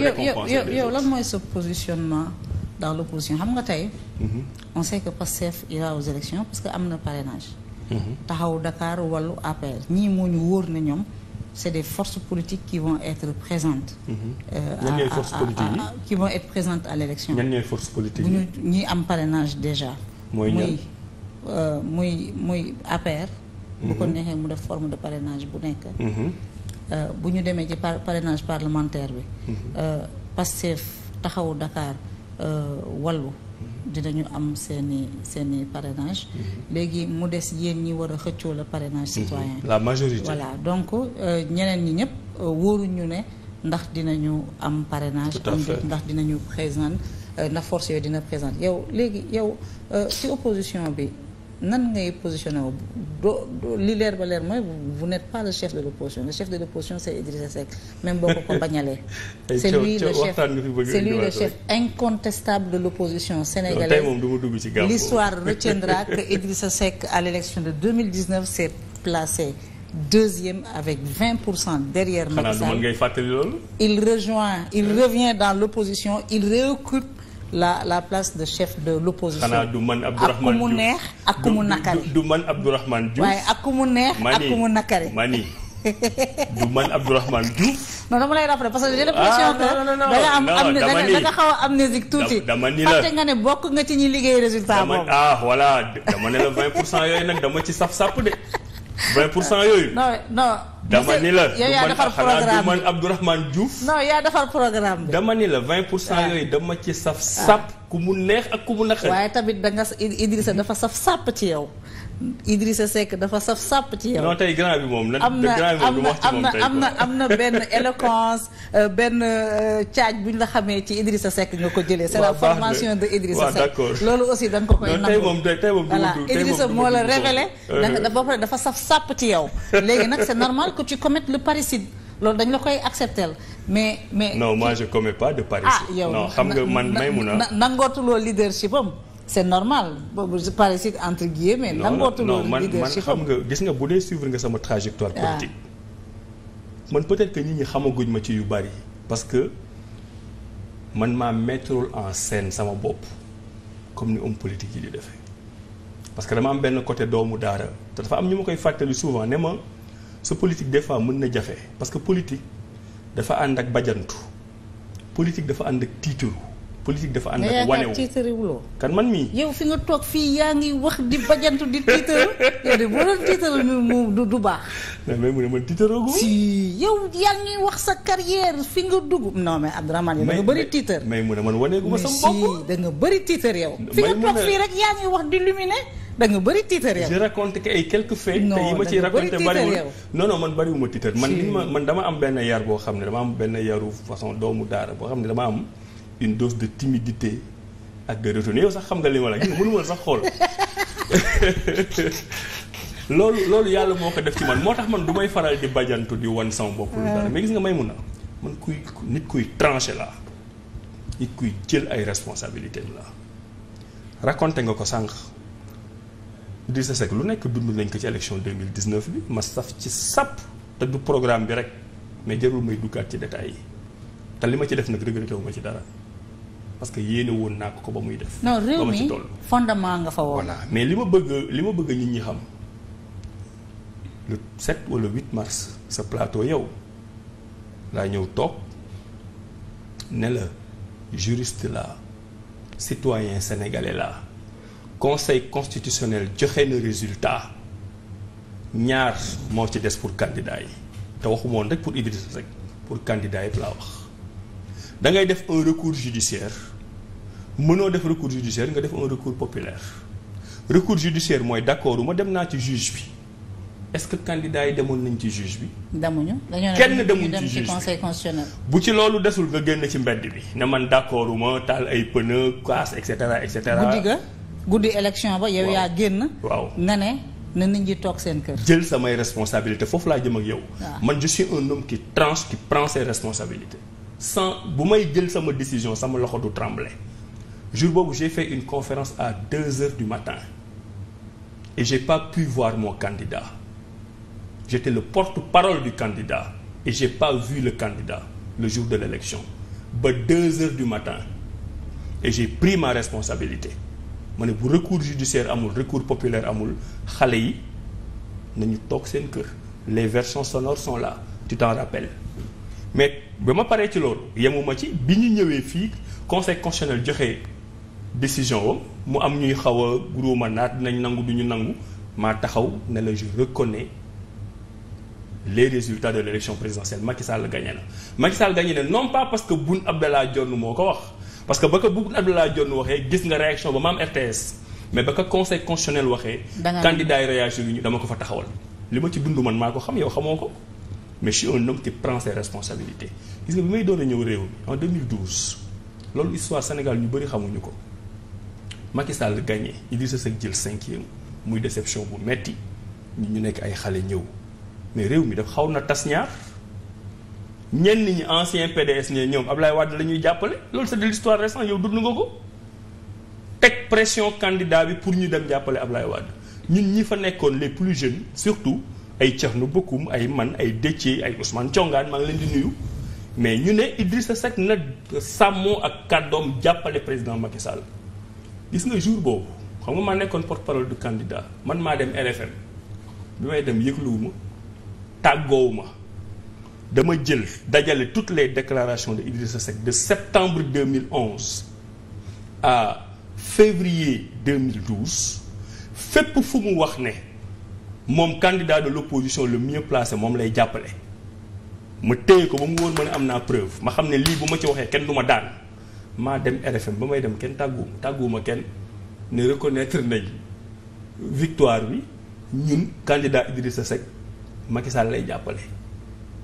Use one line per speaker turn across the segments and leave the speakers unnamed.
yow lan mooy sa positionnement dans l' opposition xam nga tey. Mhm. on sait que Pastef ira aux élections parce que am na parrainage. Mhm. taxawu Dakar wallu APR ñii moo ñu wóor na ñoom c' est des forces politiques qui vont être présentes. Mhm. Euh, ñan ñooy forces politiques yi qui vont être présentes à l' élection. ñan ñooy forces politiques bu ñu ñii am parrainage déjà. mooy ñan muy euh, muy muy APR. bu ko neexee mu def forme de parrainage bu nekk. Euh, bu ñu demee ci parrainage parlementaire bi mm-hmm. euh, Pastef taxawu Dakar euh, wallu mm-hmm. dinañu am seeni seeni parrainage mm-hmm. léegi mu des yéen ñi war a xëccoo la parrainage citoyen la
majorité voilà
donc ñeneen ñi ñëpp wóoruñu ne ndax dinañu am parrainage am ndax dinañu présent ndax force yooyu dina présent yow léegi yow ci opposition bi nan ngay positionné wu doo li vous n'êtes pas le chef de l'opposition le chef de l'opposition c'est Idrissa Seck même boo ko ko bañalee
le chef
incontestable de l'opposition sénégalaise l'histoire retiendra que Idrissa Seck à l'élection de s'est placé deuxième avec derrière Macky il rejoint dans l'opposition il réoccupe la la place de chef de l'opposition xanaa du
man Abdourahmane
Diouf ak
man Abdourahmane Diouf waaye ak
ku mu neex ak ku mu nakari
mani du man Abdourahmane Diouf.
non dama lay rappeler parce que j'ai l'impression ah, que da nga am am da nga xaw a amnésique tuuti. dama ni la fàtte nga ne bokk nga ci ñi liggéey résultat boobu.
ah voilà dama ne la 20 pour cent yooyu nag dama ci saf sàpp de 20 pour cent yooyu.
non dama ni la man xanaa du man
Abdourahmane Diouf.
non yaa defar programme
bi. dama ni la vingt pour cent ah. yooyu dama ci saf sàpp ah.
ku mu neex ak ku mu naqari. waaye tamit da nga Idrissa dafa saf sàpp ci yow. Idrissa Seck dafa saf sàpp ci yow. non tey
grand bi moom lan grand bi moom wax ci moom am na benn éloquence
euh, benn euh, caaj bu ñu la xamee ci Idrissa Seck nga ko jëlee. c'est la formation de Idrissa Seck loolu aussi da nga ko koy nangu. tey moom tey moom voilà Idrissa ci yow. le parricide loolu dañ la koy accepter mais mais.
non moi je commets pas de ah, parricide. ah non xam nga man may mun a.
nangootuloo leadership am. c'est normal boobu je parle ici entre guillemets. non non man xam
nga gis nga bu dee suivre nga sama trajectoire ah. politique. man peut-être que nit ñi xamaguñ ma ci yu bari. parce que man maa mettrul en scène sama bopp comme ni homme politique yi di defee. parce que dama am benn côté doomu daara te dafa am ñu ma koy fàttali souvent ne ma sa politique des fois mën na jafe parce que politique dafa ànd ak bajantu politique dafa ànd ak tiitaru. politique dafa ànd ak wane wu
tiitaruwuloo kan man mii yow fi nga toog fii yaa ngi wax di bajantu di tiitaru yow de boo doon tiitaru moom du baax mais mu ne man yow yaa ngi wax sa carrière nga dugg non mais Abdourahmane yow
da tiitar mais mu ne man waneegu ma
nga bëri tiitar yow fi nga toog fii rek yaa ngi wax di luminer da nga bëri tiitar yow. je
raconte que ay quelques faits. te yi man bëriwuma tiitar. man ma dama am benn yar boo xam ne dama am benn yaru façon doomu daara boo xam ne dama am. une dose de timidité ak de retenue yow sax xam nga li ma la gis mënu sax xool loolu yàlla moo ko def ci man moo tax man du may faral di bajantu di wan sama bopp gis nga may mun na man kuy nit kuy tranché la nit kuy jël ay responsabilité la raconté nga ko sànq Idrissa Seck lu nekk dund nañ ko ci élection 2019 bi ma saf ci sàpp te du programme bi rek mais jarul may duggaat ci détails yi te li ma ci def nag regretté wu ma ci dara parce que yéene woon naa ko ko ba muy def. non réew mi
fondement nga fa woon.
mais li ma bëgg li ma bëgg nit ñi xam le 7 wala 8 mars sa plateau yow laa ñëw toog ne la juriste la citoyen sénégalais la conseil constitutionnel joxe na résultat ñaar moo ci des pour candidat yi te waxuma woon rek pour Idrissa Seck pour candidat yëpp laa wax da def un recours judiciaire mënoo def recours judiciaire nga def un recours populaire recours judiciaire mooy d'accord ma dem naa ci juge bi est-ce que candidat yi demoon nañ ci juge bi.
demuñu dañoo kenn demul ci juge conseil constitutionnel.
bu ci loolu desul nga génn ci mbedd bi ne man d'accord ma taal ay pneu casse et cetera et cetera. guddi ga
guddi élection ba. yow yaa génn. waaw na ne na nit ñi toog seen kër.
jël samay responsabilité foofu laa jëm ak yow. man je suis un homme qui tranche qui prend ses responsabilités. bu may jël sama décision sama loxo du trembler. jour boobu j'ai fait une conférence à deux heures du matin et j'ai pas pu voir mon candidat j'étais le porte-parole du candidat et j'ai pas vu le candidat le jour de l'élection ba deux heures du matin et j'ai pris ma responsabilité ma ne bu recours judiciaire amul recours populaire amul xale yi nañu toog seen kër les versions sonores sont là tu t'en rappelles mais ba ma paree ci loolu yemuma ci bi ñu ñëwee fii conseil constitutionnel joxe décision wam mu am ñuy xaw a guróoma naat dinañ nangu du ñu nangu maa taxaw ne la je reconnais les résultats de l'élection présidentielle Macky Sall gagné na Macky Sall gagné na non pas parce que Boun Abdallah Dionne moo ko wax parce que ba ko Boun Abdallah Dionne waxee gis nga réaction ba ma am RTS mais ba ko conseil constitutionnel waxee candidat yi réagir ñu dama ko fa taxawal li ma ci dund man maa ko xam yow xamoo ko mais je suis un homme qui prend ses ñëw réew mi en loolu histoire Sénégal ñu bëri xamuñu ko Macky Sall gagné Idrissa Seck jël cinquième muy déception bu metti ñu nekk ay xale ñëw mais réew mi daf xaw na tas ñaar ñenn ñi ancien PDS ne ñoom Ablaye Wade la ñuy jàppale loolu c'est de l'histoire récente yow dund nga ko teg pression candidat bi pour ñu dem jàppale Ablaye Wade ñun ñi fa nekkoon les plus jeunes surtout ay Thierno Bocoum ay man ay Déthié ay Ousmane Thiongaan maa ngi leen di nuyu mais ñu ne Idrissa Seck na sàmmoo ak kàddoom jàppale président Macky Sall gis nga jour boobu xam nga ma nekkoon porte parole du candidat man maa dem RFM bi may dem yëgluwuma tàggoowuma dama jël dajale toutes les déclarations de sa Seck de septembre 2011 à février 2012 fépp fu mu wax ne moom candidat de l'opposition le mieux placé moom lay jàppale ma téye ko ba mu woon ma ne am naa preuve ma xam ne lii bu ma ci waxee kenn du ma daan maa dem RFM ba may dem kenn tàgguwuma tàgguwuma kenn ne reconnaître nañ victoire bi ñun candidat Idrissa Seck Macky Sall lay jàppale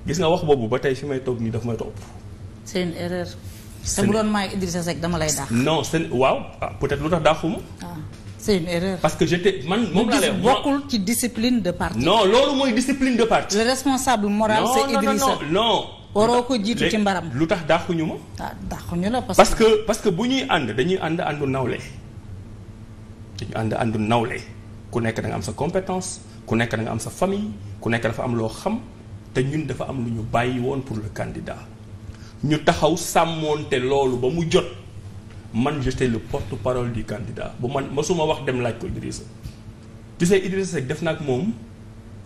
gis nga wax boobu ba tey fi may toog nii daf may topp.
c'est une erreur. te bu doon maay Idrissa Seck dama lay sax
no seen waaw ah peut lu tax dàquma.
c'est ah, une erreur. parce que j'étais
man moom laa bokkul
ci discipline de parti. non loolu
mooy discipline de parti. le responsable moral c'est Idrissa non non non. waroo ko jiitu ci mbaram lu tax dàquñu ma. ah dàquñu la parce que parce que bu ñuy ànd dañuy ànd àndu nawle dañu ànd àndu nawle ku nekk da am sa compétence ku nekk da am sa famille ku nekk dafa am loo xam te ñun dafa am lu ñu bàyyi woon pour le candidat ñu taxaw sàmmoonte loolu ba mu jot man j'étais le porte-parole du candidat bu man masuma wax dem laaj ko Idrissa tu sais Idrissa def na ak moom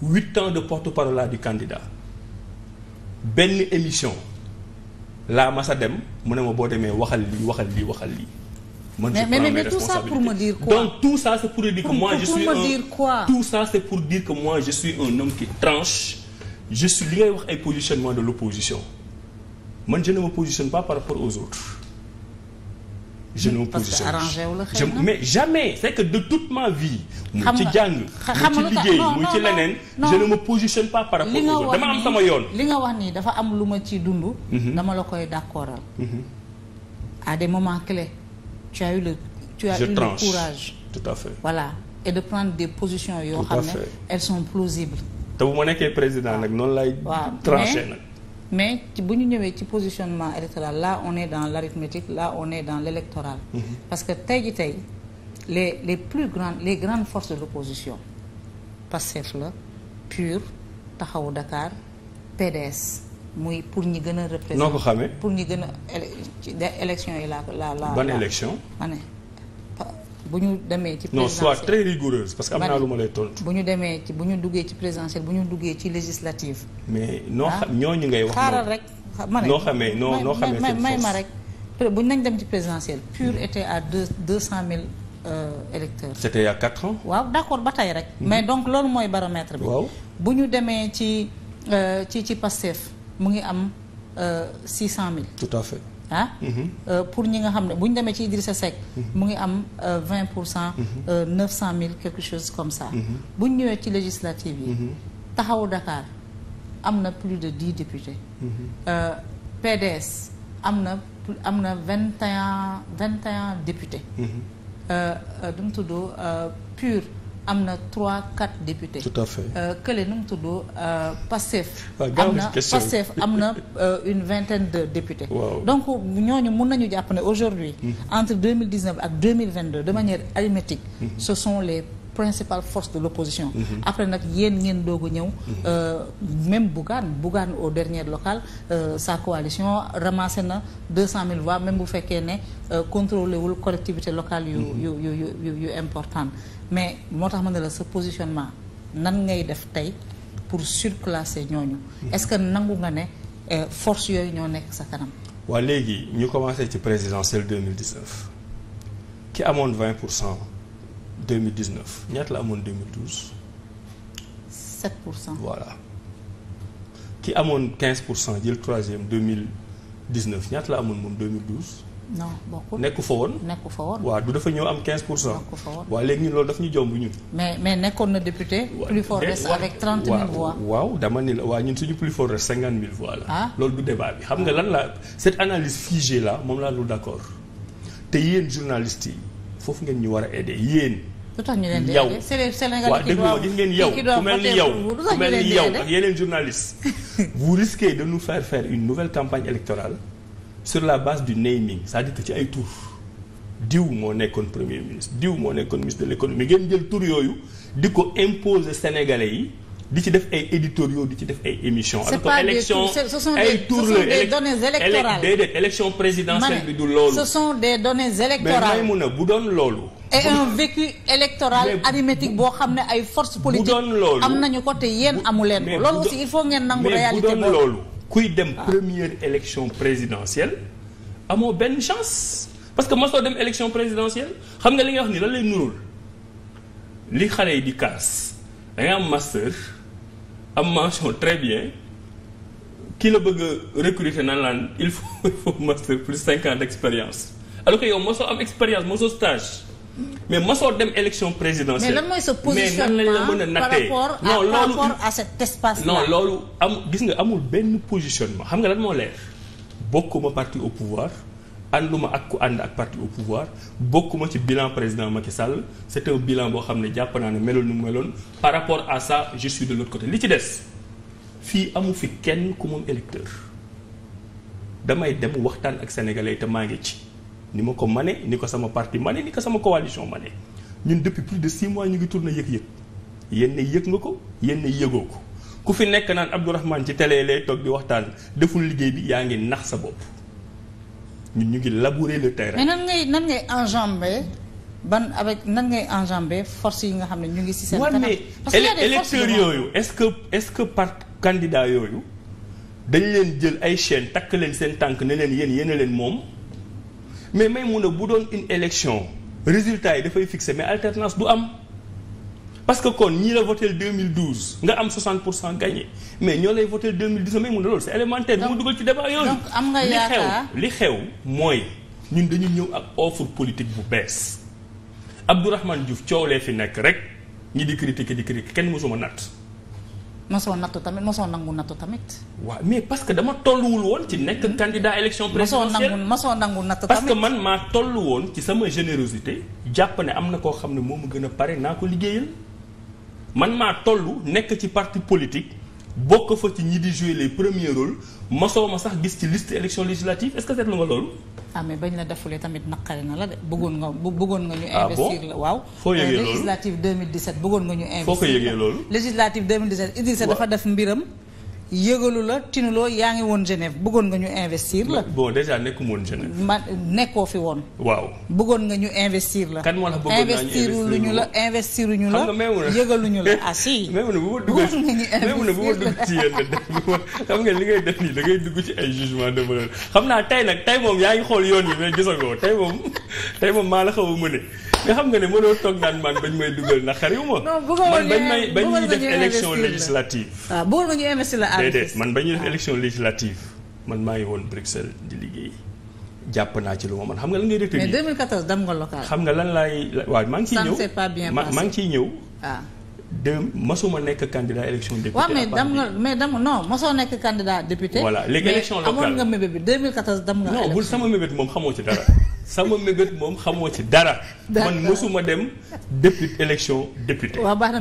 huit ans de porte-parole du candidat benn émission laa masa dem mu ne ma boo demee waxal lii waxal lii waxal lii. man je mais, prends mais, mes tout ça pour
me dire quoi donc tout
ça c'est pour dire pour, que moi pour, je suis pour me un dire quoi? tout ça c'est pour dire que moi je suis un homme qui tranche je suis li ngay wax ay positionnement de l'opposition man je ne me positionne pas par rapport aux autres. je me positionne mais jamais c'est que de tout ma vie. mu ci jàng mu ci liggéey mu ci leneen. je ne me positionne pas par rapport dama am sama yoon.
li nga wax nii dafa am lu ma ci dund. Mhm. dama la koy d'accordal. Mhm. à des moments clés tu as eu le tu as je eu tranche. le courage. tout à fait voilà et de prendre des positions yoo xam ne elles sont plausibles.
te bu ma nekkee président nag noonu lay. tranché nag.
mais bu ñu ñëwee ci positionnement électoral là on est dans l'arithmétique là on est dans l'électoral mm-hmm. parce que tey ji tey les les plus grandes les grandes forces de l'opposition Pastef la PUR Taxawu Dakar PDS muy pour ñi gën a représenter noo ko xamee pour ñi gën a élection yi laa la la ban élection ma ne bu ñu demee ci présidentielle non soit très
rigoureuse parce que am naa lu ma lay tontu.
bu ñu demee ci bu ñu duggee ci présidentielle bu ñu duggee ci législative.
mais noo ah. xam ñooñu ngay wax. xaaral rek
ma noo xamee noo noo xamee may may ma rek bu ñu nañ dem ci présidentielle. PUR hmm. été à deux deux cent mille euh, électeurs. c'était il y a quatre ans. waaw d'accord ba tey rek. Hmm. mais donc loolu mooy baromètre bi. waaw bu ñu demee ci euh, ci ci Pastef mu ngi am euh, six cent mille. tout à fait. ah. Mhm. Euh, pour ñi nga xam ne bu ñu demee ci Idrissa sec mhm. mu ngi am euh, vingt pour cent. Mhm. Euh, neuf cent mille quelque chose comme ça. bu ñu ñëwee ci législative yi. taxawu Dakar am na plus de dix députés. PDS am na am na vingt et un vingt et un députés. du pur. am na trois quatre députés. tout à fait euh, kële nu mu tudd euh, ah, Pastef. am na Pastef am na une vingtaine de députés. Wow. donc ñooñu mun nañu jàpp ne aujourd'hui hmm. entre deux mille dix neuf ak deux mille vingt deux de manière arithmétique. Hmm. ce sont les principale force de l'opposition mm après nag yéen ngeen doog a ñëw hmm. euh, même Bougane bu aux au dernière locale sa coalition ramassé na deux cent mille voix même bu fekkee ne euh, contrôlé collectivité locale yu yu yu important mais moo tax ma ne la sa positionnement nan ngay def tey pour surclasser ñooñu. Mm-hmm. est-ce que nangu nga ne euh, force yooyu ñoo nekk sa kanam.
waa léegi ñu commencé ci présidentielle 2019 ki amoon vingt pour cent 2019 ñaata la amoon 2012.
7 pour cent voilà
ki amoon quinze pour cent jël troisième 2019 ñaata la amoon moom 2012.
non bokkul nekku fa woon. nekku fa woon waaw
du dafa ñëw am 15 pour cent. nekku fa woon waaw léegi loolu daf ñu jomb ñun.
mais mais nekkoon na député. plus fort avec 30 000 voix.
waaw dama ni la waa ñun suñu plus fort reste mille 000 voix la. ah loolu du débat bi xam nga lan la cette analyse figée là moom laa dul d' accord te yéen journalistes yi foofu ngeen ñu war a aider yéen.
lu tax ñu leen di aider c'est les Sénégalais qui doivent gis ngeen yow ku mel ni yow ku mel ni yow ak
yeneen journalistes. vous risquez de nous faire faire une nouvelle campagne électorale. sur la base du naming c'est-à-dire ci ay tur diw moo nekkoon premier ministre diw moo nekkoon ministre de l'économie ngeen jël tur yooyu di ko imposer sénégalais yi di ci def ay éditoriaux di ci def ay émission alors que élection ay tour la des données électorales déedéet élection présidentielle bi du loolu. ce sont
des données électorales mais may mun
a bu doon loolu.
et un vécu électoral arithmétique boo xam ne ay forces politiques. bu doon loolu am nañu ko te yéen amu leen ko. loolu aussi il faut ngeen nangu réalité boobu mais loolu.
kuy dem première élection présidentielle amoo benn chance parce que mosoo dem élection présidentielle xam nga li nga wax ni lan lay nurul li xale yi di kaas da am master am mention très bien ki la bëgg a recruter naan laan il faut il faut master plus cinq ans d' expérience alors que yow mosoo am expérience mosoo stage mais masoo dem élection présidentielle. mais lan mooy sa positionnement na rapport à non, par rapport
à cet espace là. non
loolu am gis nga amul benn positionnement xam nga lan moo leer bokkuma parti au pouvoir ànduma ak ku ànd ak parti au pouvoir bokkuma ci bilan président Macky Sall c'est un bilan boo xam ne jàpp naa ne meloon mu meloon par rapport à ça je de l'autre côté li ci des fii amu fi kenn ku moom électeur damay dem waxtaan ak sénégalais te maa ngi ci. ni ma ko mane ni ko sama parti mane ni ko sama coalition mane ñun depuis plus de six mois ñu ngi tourné yëg-yëg yenn yëg nga ko yenn yëgoo ko ku fi nekk naan Abdourahmane ci télé lay toog bi waxtaan deful liggéey bi yaa ngi nax sa bopp ñu ngi labourer le terrain. mais
nan ngay nan ngay enjambé ban avec nan ngay enjambé force yi nga xam ne ñu ngi si seen kanam parce que y a des forces électeurs yooyu
est-ce que est-ce que par candidat yooyu dañ leen jël ay chaînes takk leen seen tànk ne leen yéen yéen leen moom. mais may mun a bu doon une élection résultat yi dafay fixe mais alternance du am parce que kon ñii la voté 2012 nga am 60 pour cent gagné mais ñoo lay voté 2012 may mun a loolu c'est élémentaire. donc mu dugal ci débat yooyu.
am nga yaakaar
li xew li xew mooy ñun dañu ñëw ak offre politique bu bees Abdourahmane Diouf coow lee fi nekk rek ñi di critiquer di critiquer kenn mësuma natt.
ma mosoo nattu tamit ma mosoo nangu nattu tamit.
waaw mais parce que dama tolluwul woon ci nekk hmm. candidat élection présidentielle
mosoo nangu nattu tamit
parce que man maa tollu woon ci sama générosité. jàpp ne am na koo xam ne moom ma gën a pare naa ko liggéeyal man maa toll nekk ci parti politique. bokk fa ci ñi di jouer les premiers rôles mosoo ma sax gis ci liste élection législative est-ce que seetlu nga loolu.
ah bañ la defulee tamit naqari na la de bëggoon nga bëggoon nga ñu. Ah, investir la waaw. foo yëgee euh, loolu législative 2017 bëggoon nga ñu. investir foo dafa def mbiram. yëgalu la tinuloo yaa ngi woon Genève bëggoon nga ñu investir la.
bon déjà nekkuma woon Genève.
ma nekkoo fi woon. waaw bëggoon nga ñu investir la. kan moo la bëggoon naa ñu investir lu ñu la investir ñu la. xam nga yëgaluñu la ah
si. même bu ma
dugg
ci même bu ma li ngay def nii da ngay dugg ci ay jugement de valeur xam naa tey nag tey moom yaa ngi xool yoon yi mais gisagoo tey moom tey moom maa la xaw a mëne nga xam nga ne mënoo toog naan man bañ may dugal na xariw ma. non may bañ ñuy def élection législative.
waaw ah, bëggoon nga ñu investir la déedéet
man bañ ñuy def ah. élection législative man maa ngi woon Bruxelles di liggéey. jàpp naa ci lu ma man xam nga lan ngay retenir
mais 2014
lan laay waaw maa ngi ciy ñëw maa ah. ngi ciy ñëw. waaw de mosuma nekk candidat élection député. waaw mais dem
nga mais dem non mosoo nekk candidat député. voilà léegi mais amoon nga mébét bi dem nga. non bul sama
moom xamoo ci dara. sama mébét moom xamoo ci dara. man mësuma dem député élection député.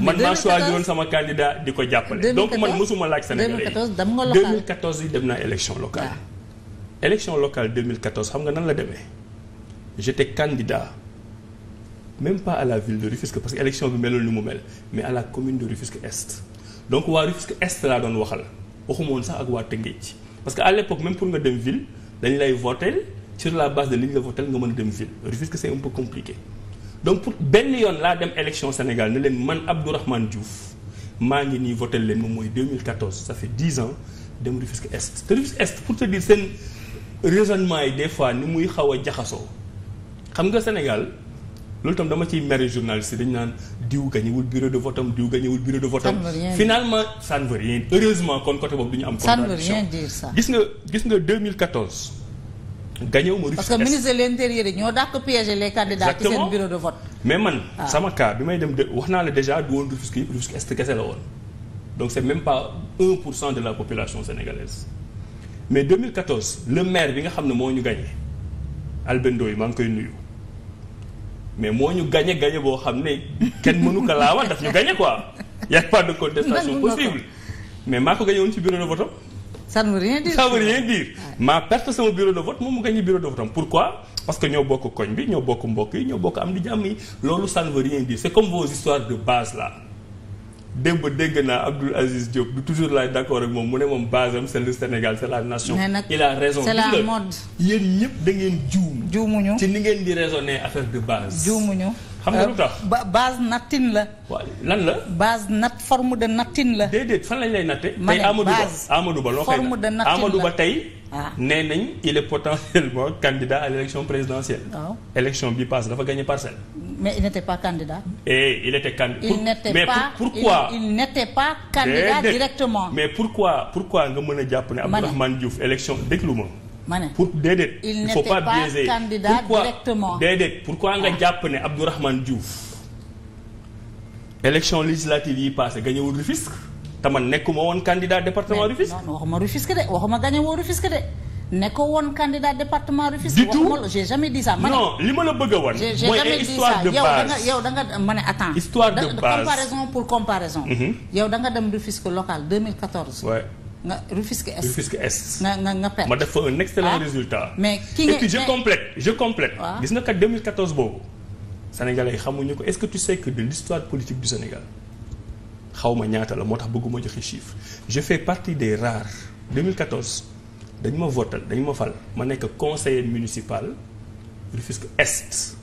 man maa choisi woon sama candidat di ko jàppale. donc man mësuma laaj Sénégalais yi
2014
yi dem naa élection locale. élection locale 2014 xam nga nan la demee j'étais candidat même pas à la ville de Rufisque parce que élection bi meloon ni mu mel mais à la commune de Rufisque Est. donc waa Rufisque Est laa doon waxal waxuma woon sax ak waa ci parce que à l'époque même pour nga dem ville dañ lay voter. sur la base de ligne de vote nga mën dem ville Rufisque c'est un peu compliqué donc pour benn yoon laa dem election Sénégal ne leen man Abdourahmane Diouf maa ngi nii voté leen moom mooy 2014 ça fait 10 ans dem Rufisque Est te Rufisque Est pour te dire seen raisonnement yi des fois ni muy xaw a jaxasoo xam nga Sénégal loolu tam dama ci mere journaliste dañ naan diw gañewul bureau de vote am diw gañewul bureau de vote finalement ça ne veut rien heureusement kon côté boobu du ñu am gis nga gis nga 2014 gañewu ma Rufisque parce que ministre de
l' intérieur yi ñoo dàq piéger les candidats ci seen bureau de vote.
mais man ah. sama cas bi may dem de wax naa la déjà du woon Rufisque Rufisque est kese la woon donc c' est même pas 1 pour cent de la population sénégalaise mais 2014 le maire bi nga xam ne moo ñu gagné Albendo yi maa ngi koy nuyu mais moo ñu gagné gagné boo xam ne kenn mënu ko laawal daf ñu gagné quoi y' a pas de contestation possible mais maa ko gagné ci bureau de san ne veut rien dire ça veut rien dire ma perte sama bureau de vote moom mu gagné bureau de vote am pourquoi parce que ñoo bokk koñ bi ñoo bokk mbokk yi ñoo bokk am di jàmm yi loolu ça ne veut c'est comme vos histoires de base là démb dégg naa Abdoul Aziz Diop du toujours laay d'accord ak moom mu ne moom base am c'est le Sénégal c'est la nation. a raison c'est la mode. yéen ñëpp da ngeen juum. juumuñu ci ni ngeen di raisonner affaire de base. juumuñu. xam nga lu euh, tax base nattine la. lan la. base natt forme de nattine la. déedéet fan lañ lay natte. ma ne base tey Amadou Ba Amadou Ba loo koy natt Amadou Ba tey. ah nee nañ il est potentiellement candidat à l' élection présidentielle. waaw bi passe dafa gagné parcelle.
mais il n' était pas candidat.
eh il était pas pour, pourquoi il,
il n' était pas candidat directement.
mais pourquoi pourquoi nga mën a jàpp ne Abdourahmane Diouf élection déglu ma. ma pour déedéet. il faut pas biaiser
candidat directement
déedéet pourquoi nga jàpp ne Abdourahmane Diouf. élection législative yi passé gagné wul Rufisque te man nekkuma woon candidat département Rufisque.
non non waxuma Rufisque de waxuma gagné woo Rufisque de. nekkoo woon candidat département Rufisque. du tout waxuma j'ai jamais dit ça. ma ne non
li ma la bëgg a wan. mooy ay histoire de base
yow da nga yow da nga ma ne attends. histoire de base comparaison pour comparaison. Mhm. yow da dem Rufisque local nga Rufisque Est. Rufisque Est. nga nga ma
def fa un excellent ah. résultat. mais ki nga et puis je complète je complète. Ah. gis nga kat 2014 boobu. Sénégalais yi xamuñu ko est-ce que tu sais que de l'histoire politique du Sénégal xaw ma ñaata la moo tax bëgguma joxe chiffre. je fais partie des rares 2014 dañ ma votal dañu ma fal ma nekk conseiller municipal Rufisque Est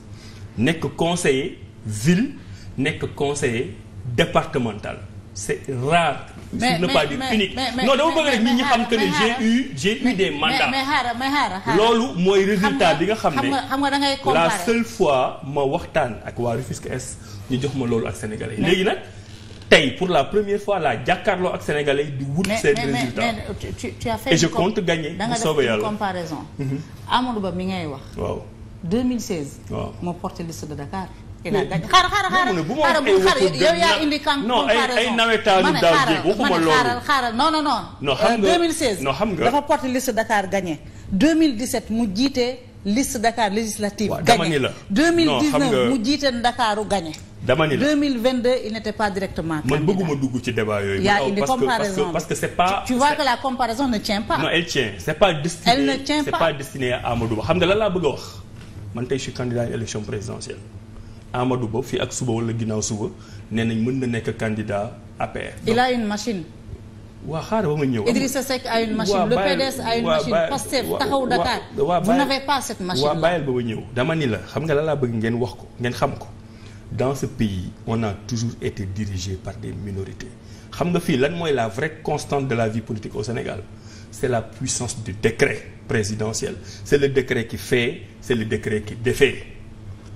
nekk conseiller ville nekk conseiller départemental. c'est rare. mais mais pas dire unique non dama bëgg nit ñi xam que ne j'ai eu j'ai
xaaral loolu
mooy résultat bi nga xam ne xam
nga da ngay comparer la seule
fois ma waxtaan ak waa Rufisque Est ñu jox ma loolu ak sénégalais léegi nag. tey pour la première fois la jàkkaarloo ak sénégalais di wut seen résultat mais
mais tu tu as fait et je compte gagner bu soobee yàlla mhm. da Ba mi ngay wax. waaw 2016. waaw moo porté liste de Dakar. xaaral xaaral xaaral bu xaaral yow yaa indi kan comparaison ay nawetaanu daaw jéeg waxuma loolu xaaral xaaral non non non. non xam euh, nga 2016 non xam nga dafa porté liste Dakar gagné 2017 mu jiite liste Dakar législative. waaw dama ni la gagné 2019 mu jiite Dakaru gagné. dama ni la 2022 il n'était pas directement. candidat
man bëgguma dugg ci débat yooyu. yaa indi comparaison parce que parce que c'est pas.
tu vois que la comparaison ne tient pas. non
elle tient c'est pas destiné elle ne tient pas c'est pas destiné à Amadou Ba xam nga lan laa bëgg a wax man tey je suis candidat à l'élection présidentielle. Amadou Ba fii ak suba walla ginnaaw suba nee nañ mën na nekk candidat APR. machine. waa xaaral ba ma ñëw. Idrissa
Seck a une machine. a une machine. Pastef taxaw Dakar. vous n'avez ba ma
ñëw dama ni la xam nga la laa bëgg ngeen wax ko ngeen xam ko. dans ce pays on a toujours été dirigé par des minorités xam nga fii lan mooy la vraie constante de la vie politique au Sénégal c'est la puissance du décret présidentiel c'est le décret ki fait c'est le décret ki défait.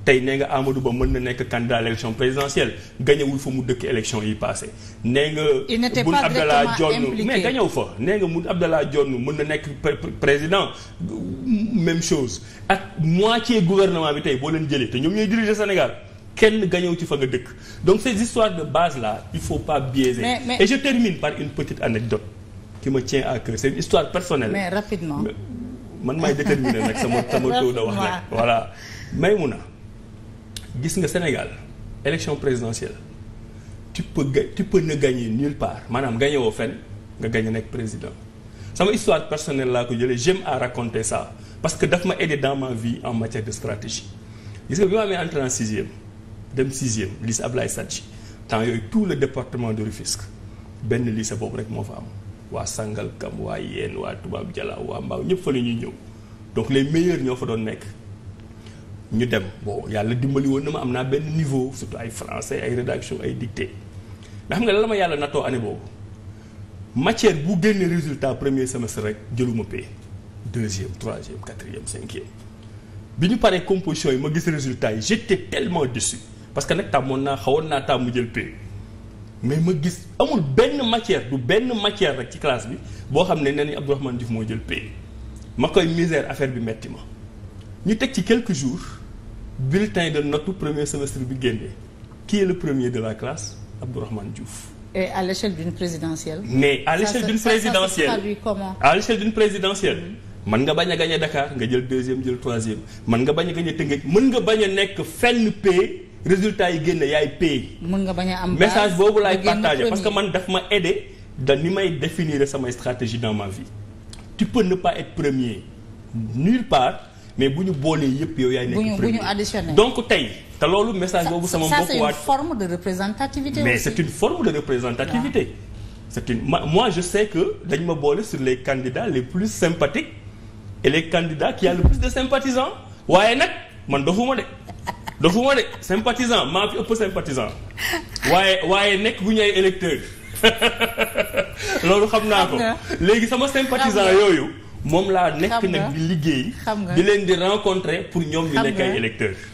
tey nee nga Amadou Ba mën na nekk candidat à l' élection présidentielle gañewul fa mu dëkk élection yi passé nee nga Boun Abdallah Dionne mais gañew fa nee nga Boun Abdallah mu mën na nekk président même chose ak moitié gouvernement bi tey boo leen jëlee te ñoom ñooy diriger Sénégal kenn gañew ci fa nga dëkk donc ces histoires de base la il faut pas biaiser mais, mais... et je termine par une petite anecdote qui me tient à cœur c'est une histoire personnelle mais rapidement man maay déterminer nag sama sama taux de wax rek voilà Maymuna gis nga Sénégal élection présidentielle tu peux tu peux ne gagner nulle part maanaam gagné woo fenn nga gagné nekk président sama histoire personnelle laa ko jëlee j'aime à raconter ça parce que daf ma aidé dans ma vie en matière de stratégie gis nga bi ma amee entré en sixième dem sixième lycée Ablaye Sadji temps yooyu tout le département de Rufisque benn lycée boobu rek moo fa am waa kam waa Yène waa Toubab Dialaw waa mbaaw ñëpp fa la ñuy ñëw donc les meilleurs ñoo fa doon nekk ñu dem bon yàlla dimbali woon na ma am naa benn niveau surtout ay français ay rédaction ay dictée ndax xam nga la la ma yàlla natoo année boobu matière bu génnee résultat premier semestre rek jëluma paie deuxième troisième quatrième cinquième bi ñu paree composition yi ma gis résultat yi j'étais tellement déçu parce que nag tàmmoon naa xawoon naa tàmm jël paie mais ma gis amul benn matière du benn matière rek ci classe bi boo xam ne nee nañ Abdourahmane Diouf moo jël ma koy misère affaire bi metti ma ñu teg ci quelques jours. bulletin de note premier semestre bi génnee qui est le premier de la classe Abdourahmane Diouf.
et à l'échelle d'une présidentielle.
mais à l'échelle d'une présidentielle ça se traduit comment? à l'échelle d'une présidentielle. Mm-hmm. mën nga bañ a gagné Dakar nga jël deuxième jël troisième mën nga bañ a gagné Tëngéej mën nga bañ a nekk fenn paie résultat yi génne yaay paie.
mën nga bañ a am message boobu laay partagé parce que
man daf ma aidé da ni may définir samay stratégie dans ma vie. tu peux ne pas être premier mais bu ñu boolee yëpp yow yaay nekk bu ñu
additionné donc
tey te loolu message boobu sama mbokk waa c'est une
forme de représentativité mais c'est
une forme une moi je sais que dañ ma boole sur les candidats les plus sympathiques et les candidats qui yàlla le
plus de sympathisants
waaye nag man dofuma de dofuma de sympathisant maa fi ëpp sympathisant waaye waaye nekk bu ñu ay électeurs loolu xam naa ko léegi sama sympathisant yooyu moom laa nekk nag di liggéey di leen di rencontrer pour ñoom ñu nekk ay électeurs